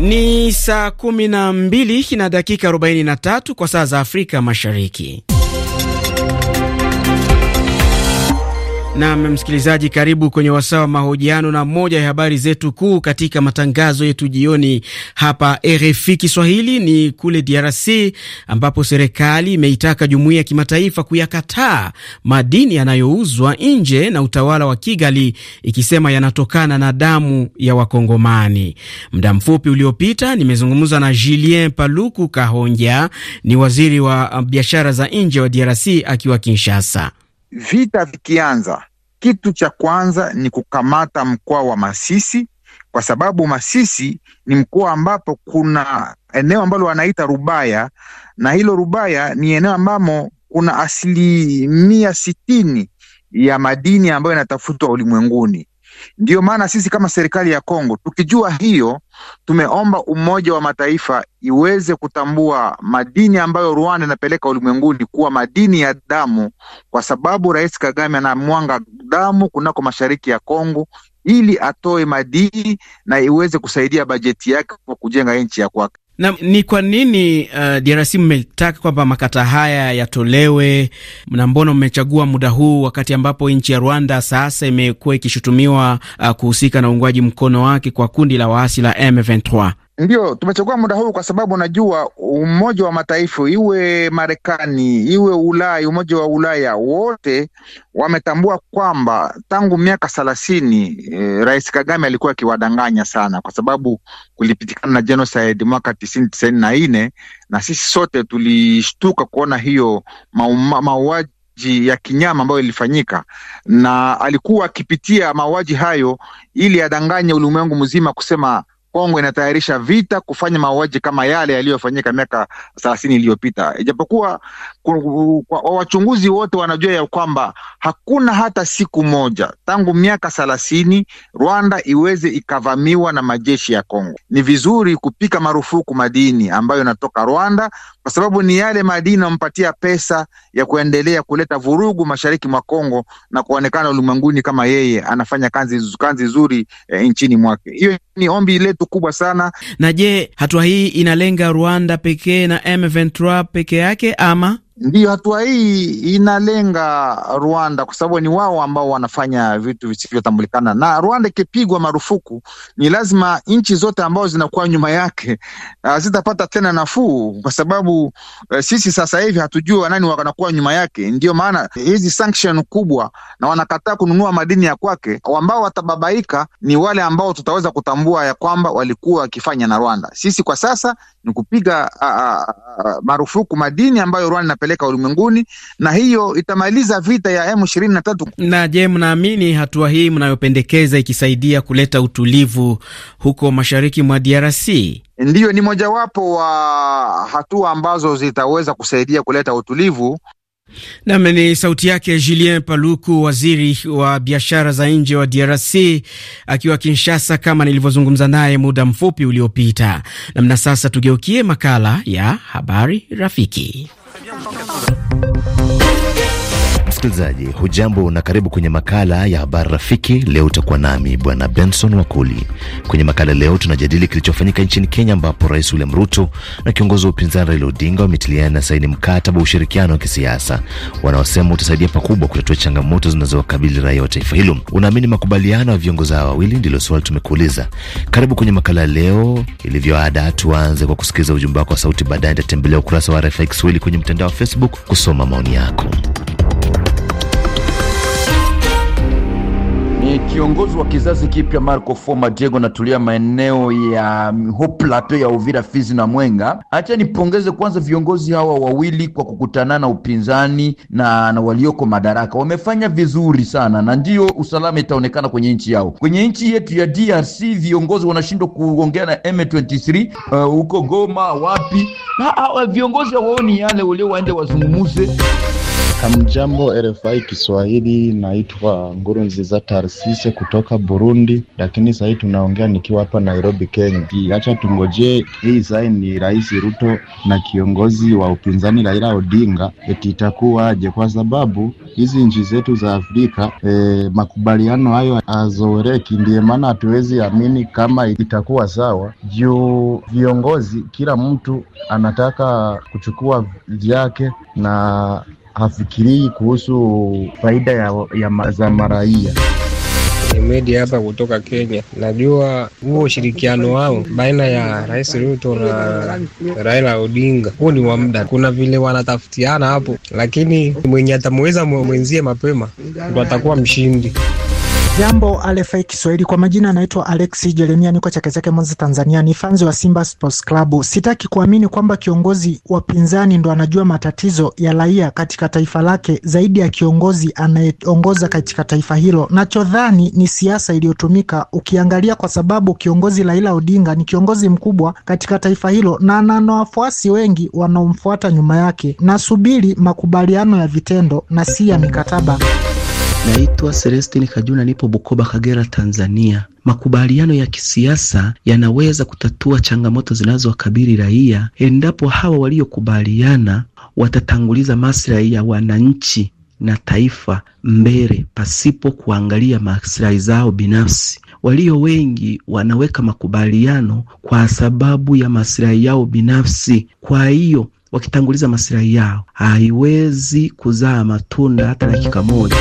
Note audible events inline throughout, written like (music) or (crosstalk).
Ni saa 12 na dakika 43 kwa saa za Afrika Mashariki. Nam msikilizaji, karibu kwenye wasaa wa mahojiano na moja ya habari zetu kuu katika matangazo yetu jioni hapa RFI Kiswahili ni kule DRC ambapo serikali imeitaka jumuiya ya kimataifa kuyakataa madini yanayouzwa nje na utawala wa Kigali, ikisema yanatokana na damu ya Wakongomani. Muda mfupi uliopita nimezungumza na Julien Paluku Kahonja, ni waziri wa biashara za nje wa DRC akiwa Kinshasa. Vita vikianza, kitu cha kwanza ni kukamata mkoa wa Masisi, kwa sababu Masisi ni mkoa ambapo kuna eneo ambalo wanaita Rubaya, na hilo Rubaya ni eneo ambamo kuna asilimia sitini ya madini ambayo inatafutwa ulimwenguni. Ndiyo maana sisi kama serikali ya Kongo tukijua hiyo, tumeomba Umoja wa Mataifa iweze kutambua madini ambayo Rwanda inapeleka ulimwenguni kuwa madini ya damu, kwa sababu Rais Kagame anamwanga damu kunako mashariki ya Kongo ili atoe madini na iweze kusaidia bajeti yake kwa kujenga nchi ya kwake. Na ni kwa nini uh, DRC mmetaka kwamba makata haya yatolewe, na mbona mmechagua muda huu wakati ambapo nchi ya Rwanda sasa imekuwa ikishutumiwa uh, kuhusika na uungwaji mkono wake kwa kundi la waasi la M23? Ndio tumechagua muda huu kwa sababu najua Umoja wa Mataifa, iwe Marekani, iwe Ulaya, Umoja wa Ulaya, wote wametambua kwamba tangu miaka thelathini eh, Rais Kagame alikuwa akiwadanganya sana, kwa sababu kulipitikana na genocide mwaka tisini tisaini na nne na sisi sote tulishtuka kuona hiyo mauaji ya kinyama ambayo ilifanyika, na alikuwa akipitia mauaji hayo ili adanganye ulimwengu mzima kusema Kongo inatayarisha vita kufanya mauaji kama yale yaliyofanyika miaka thelathini iliyopita, ijapokuwa wachunguzi wote wanajua ya kwamba hakuna hata siku moja tangu miaka thelathini Rwanda iweze ikavamiwa na majeshi ya Kongo. Ni vizuri kupika marufuku madini ambayo inatoka Rwanda, kwa sababu ni yale madini yanampatia pesa ya kuendelea kuleta vurugu mashariki mwa Kongo na kuonekana ulimwenguni kama yeye anafanya kazi, kazi nzuri eh, nchini mwake. Hiyo ni ombi letu kubwa sana. Na je, hatua hii inalenga Rwanda pekee na M23 peke yake ama Ndiyo, hatua hii inalenga Rwanda kwa sababu ni wao ambao wanafanya vitu visivyotambulikana, na Rwanda ikipigwa marufuku, ni lazima nchi zote ambazo zinakuwa nyuma yake ah, hazitapata tena nafuu, kwa sababu e, sisi sasa hivi hatujui wanani wanakuwa nyuma yake. Ndiyo maana hizi sanction kubwa, na wanakataa kununua madini ya kwake. Ambao watababaika ni wale ambao tutaweza kutambua ya kwamba walikuwa wakifanya na Rwanda. Sisi kwa sasa ni kupiga marufuku madini ambayo Rwanda inapeleka ulimwenguni, na hiyo itamaliza vita ya M23. Na je, mnaamini hatua hii mnayopendekeza ikisaidia kuleta utulivu huko mashariki mwa DRC? Ndiyo, ni mojawapo wa hatua ambazo zitaweza kusaidia kuleta utulivu Nam ni sauti yake Julien Paluku, waziri wa biashara za nje wa DRC akiwa Kinshasa, kama nilivyozungumza naye muda mfupi uliopita. Namna sasa tugeukie makala ya habari rafiki Msikilizaji hujambo na karibu kwenye makala ya habari rafiki. Leo utakuwa nami bwana Benson Wakuli. Kwenye makala leo tunajadili kilichofanyika nchini Kenya, ambapo Rais William Ruto na kiongozi wa upinzani Raila Odinga wametiliana na saini mkataba wa ushirikiano wa kisiasa wanaosema utasaidia pakubwa kutatua changamoto zinazowakabili raia wa taifa hilo. Unaamini makubaliano ya viongozi hawa wawili? Ndilo swali tumekuuliza. Karibu kwenye makala leo. Ilivyoada, tuanze kwa kusikiliza ujumbe wako wa sauti, baadaye nitatembelea ukurasa wa RFI Kiswahili kwenye mtandao wa Facebook kusoma maoni yako. kiongozi wa kizazi kipya Marco Foma Diego natulia maeneo ya plateau ya Uvira, Fizi na Mwenga. Acha nipongeze kwanza viongozi hawa wawili kwa kukutana na upinzani na, na walioko madaraka wamefanya vizuri sana, na ndio usalama itaonekana kwenye nchi yao. Kwenye nchi yetu ya DRC viongozi wanashindwa kuongea na M23 uh, huko uh, Goma wapi, na hawa ah, viongozi hawaoni yale, walio waende wazungumuze Hamjambo RFI Kiswahili, naitwa Nguru Nziza Tarsise kutoka Burundi, lakini sahii tunaongea nikiwa hapa Nairobi, Kenya. Acha tungojee hii sai ni Rais Ruto na kiongozi wa upinzani Raila Odinga, eti itakuwaje? Kwa sababu hizi nchi zetu za Afrika e, makubaliano hayo azoreki, ndiye maana hatuwezi amini kama itakuwa sawa, juu viongozi, kila mtu anataka kuchukua vyake na hafikirii kuhusu faida ya, ya za maraia. Medi hapa kutoka Kenya. Najua huo ushirikiano wao baina ya Rais Ruto na Raila Odinga huo ni wa muda, kuna vile wanatafutiana hapo, lakini mwenye atamweza mwenzie mapema ndo atakuwa mshindi. Jambo RFI Kiswahili, kwa majina anaitwa Alex Jeremia, niko Chakezeke, Mwanza, Tanzania. Ni fanzi wa Simba Sports Club. Sitaki kuamini kwamba kiongozi wa pinzani ndo anajua matatizo ya raia katika taifa lake zaidi ya kiongozi anayeongoza katika taifa hilo. Nachodhani ni siasa iliyotumika, ukiangalia kwa sababu kiongozi Raila Odinga ni kiongozi mkubwa katika taifa hilo na ana wafuasi wengi wanaomfuata nyuma yake. Nasubiri makubaliano ya vitendo na si ya mikataba. Naitwa Celestin Kajuna, nipo Bukoba, Kagera, Tanzania. Makubaliano ya kisiasa yanaweza kutatua changamoto zinazowakabili raia endapo hawa waliokubaliana watatanguliza maslahi ya wananchi na taifa mbele pasipo kuangalia maslahi zao binafsi. Walio wengi wanaweka makubaliano kwa sababu ya maslahi yao binafsi, kwa hiyo wakitanguliza maslahi yao haiwezi kuzaa matunda hata dakika moja.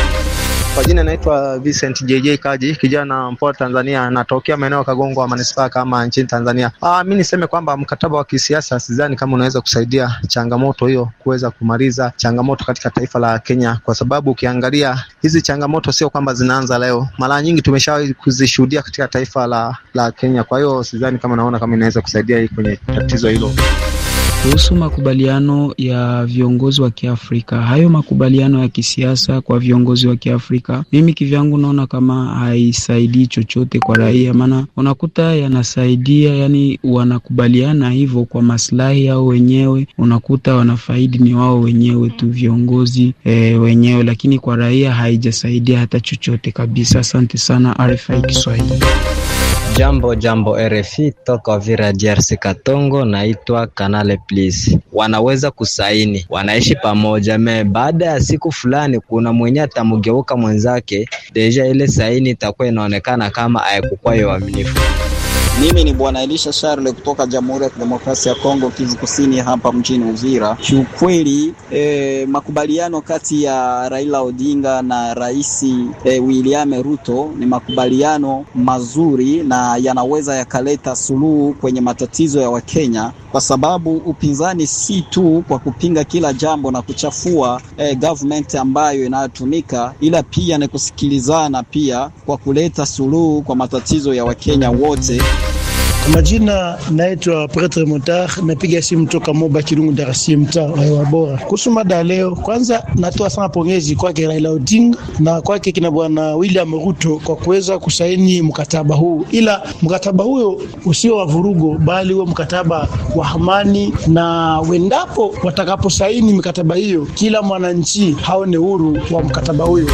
Kwa jina naitwa Vincent JJ Kaji, kijana mpoa Tanzania, natokea maeneo ya wa manispaa kama nchini Tanzania. Ah, mimi niseme kwamba mkataba wa kisiasa sidhani kama unaweza kusaidia changamoto hiyo kuweza kumaliza changamoto katika taifa la Kenya, kwa sababu ukiangalia hizi changamoto sio kwamba zinaanza leo, mara nyingi tumeshawahi kuzishuhudia katika taifa la, la Kenya. Kwa hiyo sidhani kama naona kama inaweza kusaidia hii kwenye tatizo hilo kuhusu makubaliano ya viongozi wa Kiafrika, hayo makubaliano ya kisiasa kwa viongozi wa Kiafrika, mimi kivyangu naona kama haisaidii chochote kwa raia, maana unakuta yanasaidia, yani wanakubaliana hivyo kwa maslahi yao wenyewe, unakuta wanafaidi ni wao wenyewe tu viongozi e, wenyewe, lakini kwa raia haijasaidia hata chochote kabisa. Asante sana RFI Kiswahili. Jambo jambo RFI toka Vira DRC Katongo, naitwa Kanale Please. Wanaweza kusaini, wanaishi pamoja me, baada ya siku fulani kuna mwenye atamgeuka mwenzake, deja ile saini itakuwa inaonekana kama haikukuwa ya uaminifu. Mimi ni Bwana Elisha sharle kutoka Jamhuri ya Kidemokrasia ya Kongo, Kivu Kusini, hapa mjini Uvira. Kiukweli eh, makubaliano kati ya Raila Odinga na Rais eh, William Ruto ni makubaliano mazuri na yanaweza yakaleta suluhu kwenye matatizo ya Wakenya, kwa sababu upinzani si tu kwa kupinga kila jambo na kuchafua eh, government ambayo inayotumika, ila pia ni kusikilizana pia kwa kuleta suluhu kwa matatizo ya Wakenya wote. Majina naitwa Pretre motar napiga simu toka Moba Kirungu, DRC, mtaa wa Bora. Kuhusu mada leo, kwanza natoa sana pongezi kwake Raila Odinga na kwake kina bwana William Ruto kwa kuweza kusaini mkataba huu, ila mkataba huyo usio wa vurugo, bali huo mkataba wa amani, na wendapo watakaposaini mikataba hiyo, kila mwananchi haone uhuru wa mkataba huyo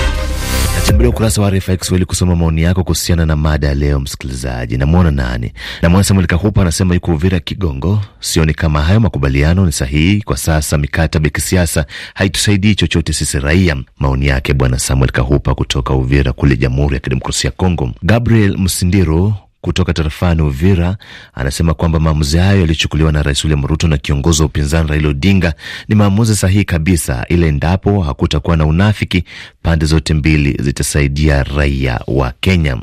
tembelea ukurasa wa RFI Kiswahili kusoma maoni yako kuhusiana na mada ya leo. Msikilizaji, namwona nani? Namwona Samuel Kahupa, anasema yuko Uvira Kigongo. Sioni kama hayo makubaliano ni sahihi kwa sasa, mikataba ya kisiasa haitusaidii chochote sisi raia. Maoni yake bwana Samuel Kahupa kutoka Uvira kule Jamhuri ya Kidemokrasia ya Kongo. Gabriel Msindiro kutoka tarafani Uvira anasema kwamba maamuzi hayo yaliyochukuliwa na Rais William Ruto na kiongozi wa upinzani Raila Odinga ni maamuzi sahihi kabisa, ila endapo hakutakuwa na unafiki, Pande zote mbili zitasaidia raia wa Kenya.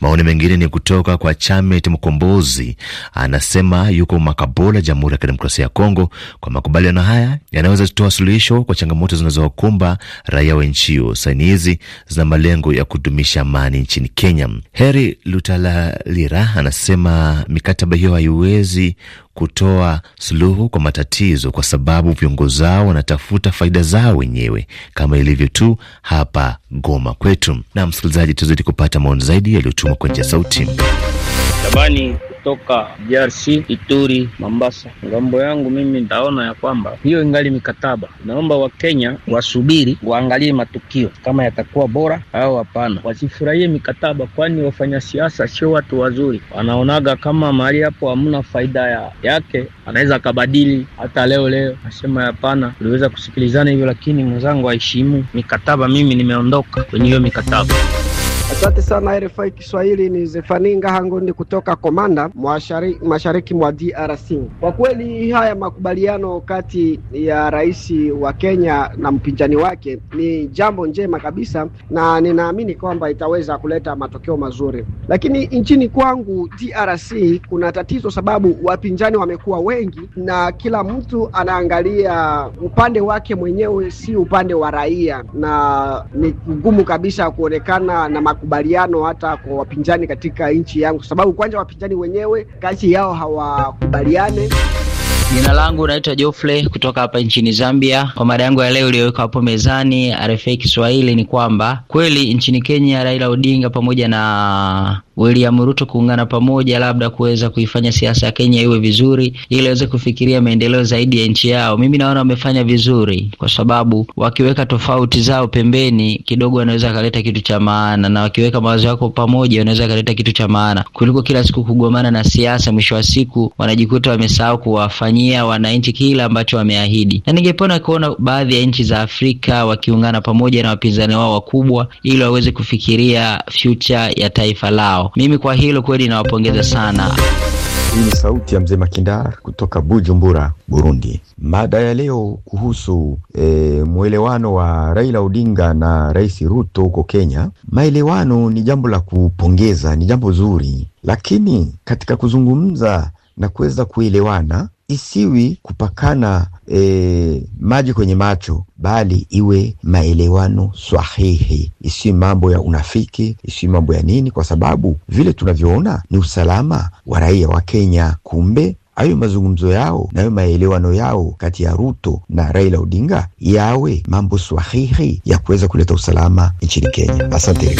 Maoni mengine ni kutoka kwa Chamet Mkombozi, anasema yuko Makabola, Jamhuri ya Kidemokrasia ya Kongo. Kwa makubaliano haya yanaweza kutoa suluhisho kwa changamoto zinazowakumba raia wa nchi hiyo. Saini hizi zina malengo ya kudumisha amani nchini Kenya. Heri Lutalalira anasema mikataba hiyo haiwezi kutoa suluhu kwa matatizo, kwa sababu viongozi wao wanatafuta faida zao wenyewe, kama ilivyo tu hapa Goma kwetu. Na msikilizaji, tuzidi kupata maoni zaidi yaliyotumwa kwa njia sauti. Tabani kutoka DRC, Ituri, Mombasa. Ngambo yangu mimi nitaona ya kwamba hiyo ingali mikataba. Naomba Wakenya wasubiri waangalie matukio kama yatakuwa bora au hapana, wasifurahie mikataba, kwani wafanya siasa sio watu wazuri. Wanaonaga kama mahali hapo hamna faida ya yake, anaweza akabadili hata leo leo. Nasema hapana, tuliweza kusikilizana hivyo, lakini mwenzangu aheshimu mikataba. Mimi nimeondoka kwenye hiyo mikataba. Asante sana RFI Kiswahili, ni Zefani Ngahangondi kutoka Komanda mashariki, mashariki mwa DRC. Kwa kweli haya makubaliano kati ya rais wa Kenya na mpinzani wake ni jambo njema kabisa, na ninaamini kwamba itaweza kuleta matokeo mazuri, lakini nchini kwangu DRC kuna tatizo, sababu wapinzani wamekuwa wengi na kila mtu anaangalia upande wake mwenyewe, si upande wa raia, na ni ngumu kabisa kuonekana na makubaliano hata kwa wapinzani katika nchi yangu, kwa sababu kwanza wapinzani wenyewe kazi yao hawakubaliane. Jina langu naitwa Jofle kutoka hapa nchini Zambia. Kwa mada yangu ya leo iliyowekwa hapo mezani RFA Kiswahili ni kwamba kweli nchini Kenya Raila Odinga pamoja na William Ruto kuungana pamoja, labda kuweza kuifanya siasa ya Kenya iwe vizuri, ili waweze kufikiria maendeleo zaidi ya nchi yao. Mimi naona wamefanya vizuri, kwa sababu wakiweka tofauti zao pembeni kidogo, wanaweza akaleta kitu cha maana, na wakiweka mawazo yako pamoja, wanaweza akaleta kitu cha maana kuliko kila siku kugomana na siasa. Mwisho wa siku wanajikuta wamesahau kuwafanya kufanyia wananchi kile ambacho wameahidi, na ningependa kuona baadhi ya nchi za Afrika wakiungana pamoja na wapinzani wao wakubwa ili waweze kufikiria future ya taifa lao. Mimi kwa hilo kweli nawapongeza sana. Hii ni sauti ya mzee Makindar kutoka Bujumbura, Burundi. Mada ya leo kuhusu e, mwelewano wa Raila Odinga na Rais Ruto huko Kenya. Maelewano ni jambo la kupongeza, ni jambo zuri, lakini katika kuzungumza na kuweza kuelewana isiwi kupakana e, maji kwenye macho, bali iwe maelewano sahihi, isiwi mambo ya unafiki, isiwi mambo ya nini, kwa sababu vile tunavyoona ni usalama wa raia wa Kenya. Kumbe hayo mazungumzo yao na hayo maelewano yao kati ya Ruto na Raila Odinga yawe mambo sahihi ya kuweza kuleta usalama nchini Kenya. Asante.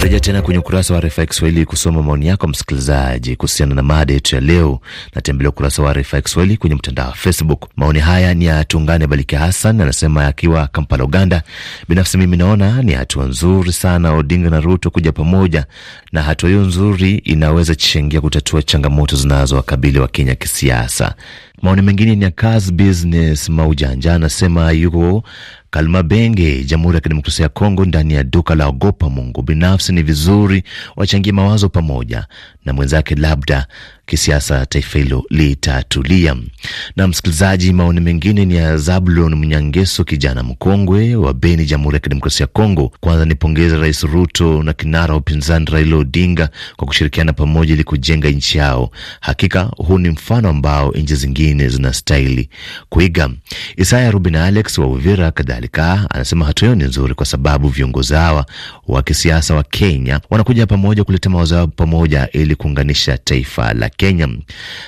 Rejea tena kwenye ukurasa wa RFI Kiswahili kusoma maoni yako msikilizaji, kuhusiana na mada yetu ya leo. Natembelea ukurasa wa RFI Kiswahili kwenye mtandao wa Facebook. Maoni haya ni ya Tungane Balike Hassan, anasema akiwa Kampala, Uganda. Binafsi mimi naona ni hatua nzuri sana Odinga na Ruto kuja pamoja, na hatua hiyo nzuri inaweza chishangia kutatua changamoto zinazowakabili wa Kenya kisiasa. Maoni mengine ni ya Cars Business Maujanja, anasema yuko Kalmabenge, Jamhuri ya Kidemokrasia ya Kongo, ndani ya duka la Ogopa Mungu. Binafsi ni vizuri wachangie mawazo pamoja, na mwenzake, labda kisiasa taifa hilo litatulia. Na msikilizaji, maoni mengine ni ya Zablon Mnyangeso, kijana mkongwe wa Beni, Jamhuri ya Kidemokrasia ya Kongo. Kwanza nipongeze Rais Ruto na kinara wa upinzani Raila Odinga kwa kushirikiana pamoja ili kujenga nchi yao. Hakika huu ni mfano ambao nchi zingine zinastahili kuiga. Isaya Rubin Alex wa Uvira kadhalika anasema hatua hiyo ni nzuri kwa sababu viongozi hawa wa kisiasa wa Kenya wanakuja pamoja kuleta mawazo yao pamoja ili ili kuunganisha taifa la Kenya.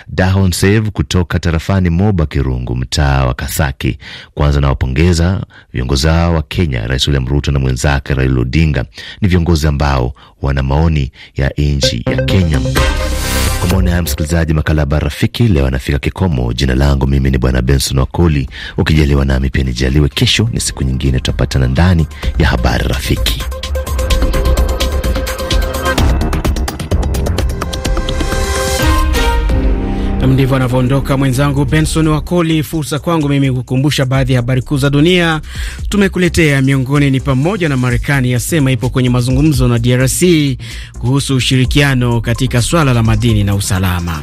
Dahon Save kutoka tarafani Moba Kirungu, mtaa wa Kasaki, kwanza nawapongeza viongozi hao wa Kenya, Rais William Ruto na mwenzake Raila Odinga. Ni viongozi ambao wana maoni ya nchi ya Kenya. Kwa maoni haya, msikilizaji, makala ya bara rafiki leo anafika kikomo. Jina langu mimi ni Bwana Benson Wakoli. Ukijaliwa nami pia nijaliwe, kesho ni siku nyingine, tutapatana ndani ya habari rafiki. Ndivyo anavyoondoka mwenzangu Benson Wakoli. Fursa kwangu mimi kukumbusha baadhi ya habari kuu za dunia tumekuletea miongoni ni pamoja na Marekani yasema ipo kwenye mazungumzo na DRC kuhusu ushirikiano katika swala la madini na usalama.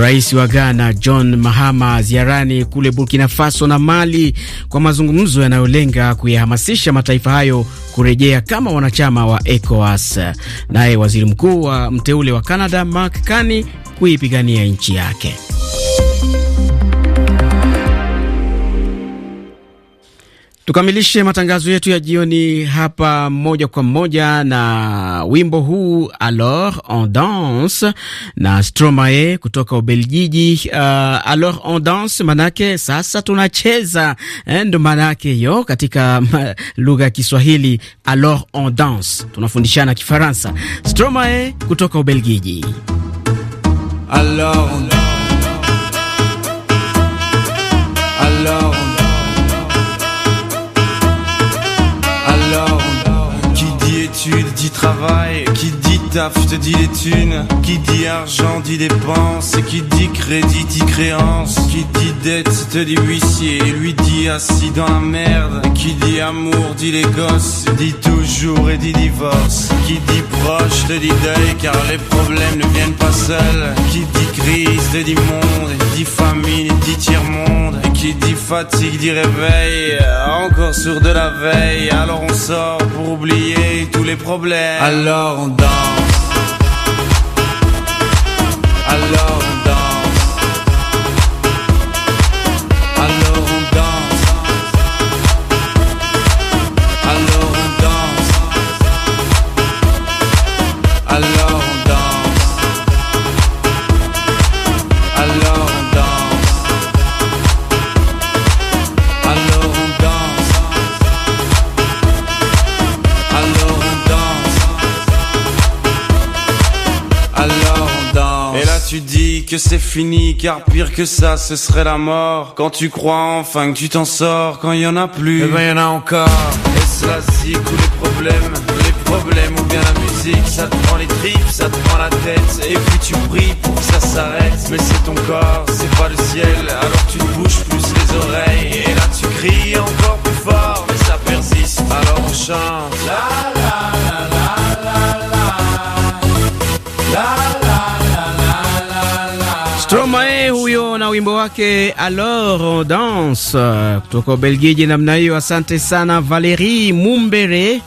Rais wa Ghana John Mahama ziarani kule Burkina Faso na Mali kwa mazungumzo yanayolenga kuyahamasisha mataifa hayo kurejea kama wanachama wa ECOWAS. Naye waziri mkuu wa mteule wa Canada Mark Carney kuipigania nchi yake. Tukamilishe matangazo yetu ya jioni hapa moja kwa moja na wimbo huu Alors on danse na Stromae kutoka Ubeljiji. Uh, Alors on danse manake sasa tunacheza, eh, ndo maana hiyo katika (laughs) lugha ya Kiswahili. Alors on danse, tunafundishana Kifaransa. Stromae kutoka Ubeljiji. Alors on danse. Qui dit travail, qui dit taf te dit les thunes, qui dit argent dit dépenses, qui dit crédit dit créance, qui dit dette te dit huissier, lui dit assis dans la merde, qui dit amour dit les gosses, dit toujours et dit divorce, qui dit proche te dit deuil car les problèmes ne viennent pas seuls, qui dit crise te dit monde, dit famine dit tiers monde qui dit fatigue dit réveil, euh, encore sur de la veille. Alors on sort pour oublier tous les problèmes. Alors on danse. c'est fini car pire que ça ce serait la mort Quand tu crois enfin que tu t'en sors Quand il y en a plus et eh ben y en a encore Et cela si tous les problèmes Les problèmes ou bien la musique Ça te prend les tripes, ça te prend la tête Et puis tu pries pour que ça s'arrête Mais c'est ton corps, c'est pas le ciel Alors tu te bouges plus les oreilles Et là tu cries encore wimbo wake alors on danse kutoka Ubelgiji namna hiyo. Asante sana Valerie Mumbere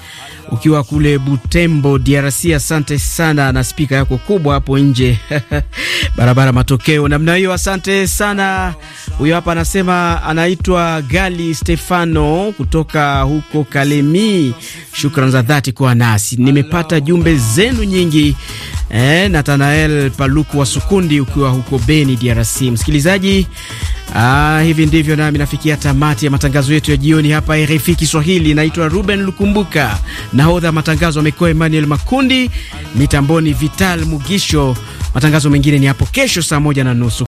ukiwa kule Butembo, DRC. Asante sana na spika yako kubwa hapo nje (laughs) barabara, matokeo namna hiyo. Asante sana. Huyo hapa anasema anaitwa Gali Stefano kutoka huko Kalemi. shukran za dhati kwa nasi, nimepata jumbe zenu nyingi. Eh, Natanael Paluku wa Sukundi ukiwa huko Beni, DRC. Msikilizaji Ah, hivi ndivyo nami nafikia tamati ya matangazo yetu ya jioni hapa RFI Kiswahili. Naitwa Ruben Lukumbuka, nahodha matangazo amekuwa Emmanuel Makundi, mitamboni Vital Mugisho. Matangazo mengine ni hapo kesho saa moja na nusu.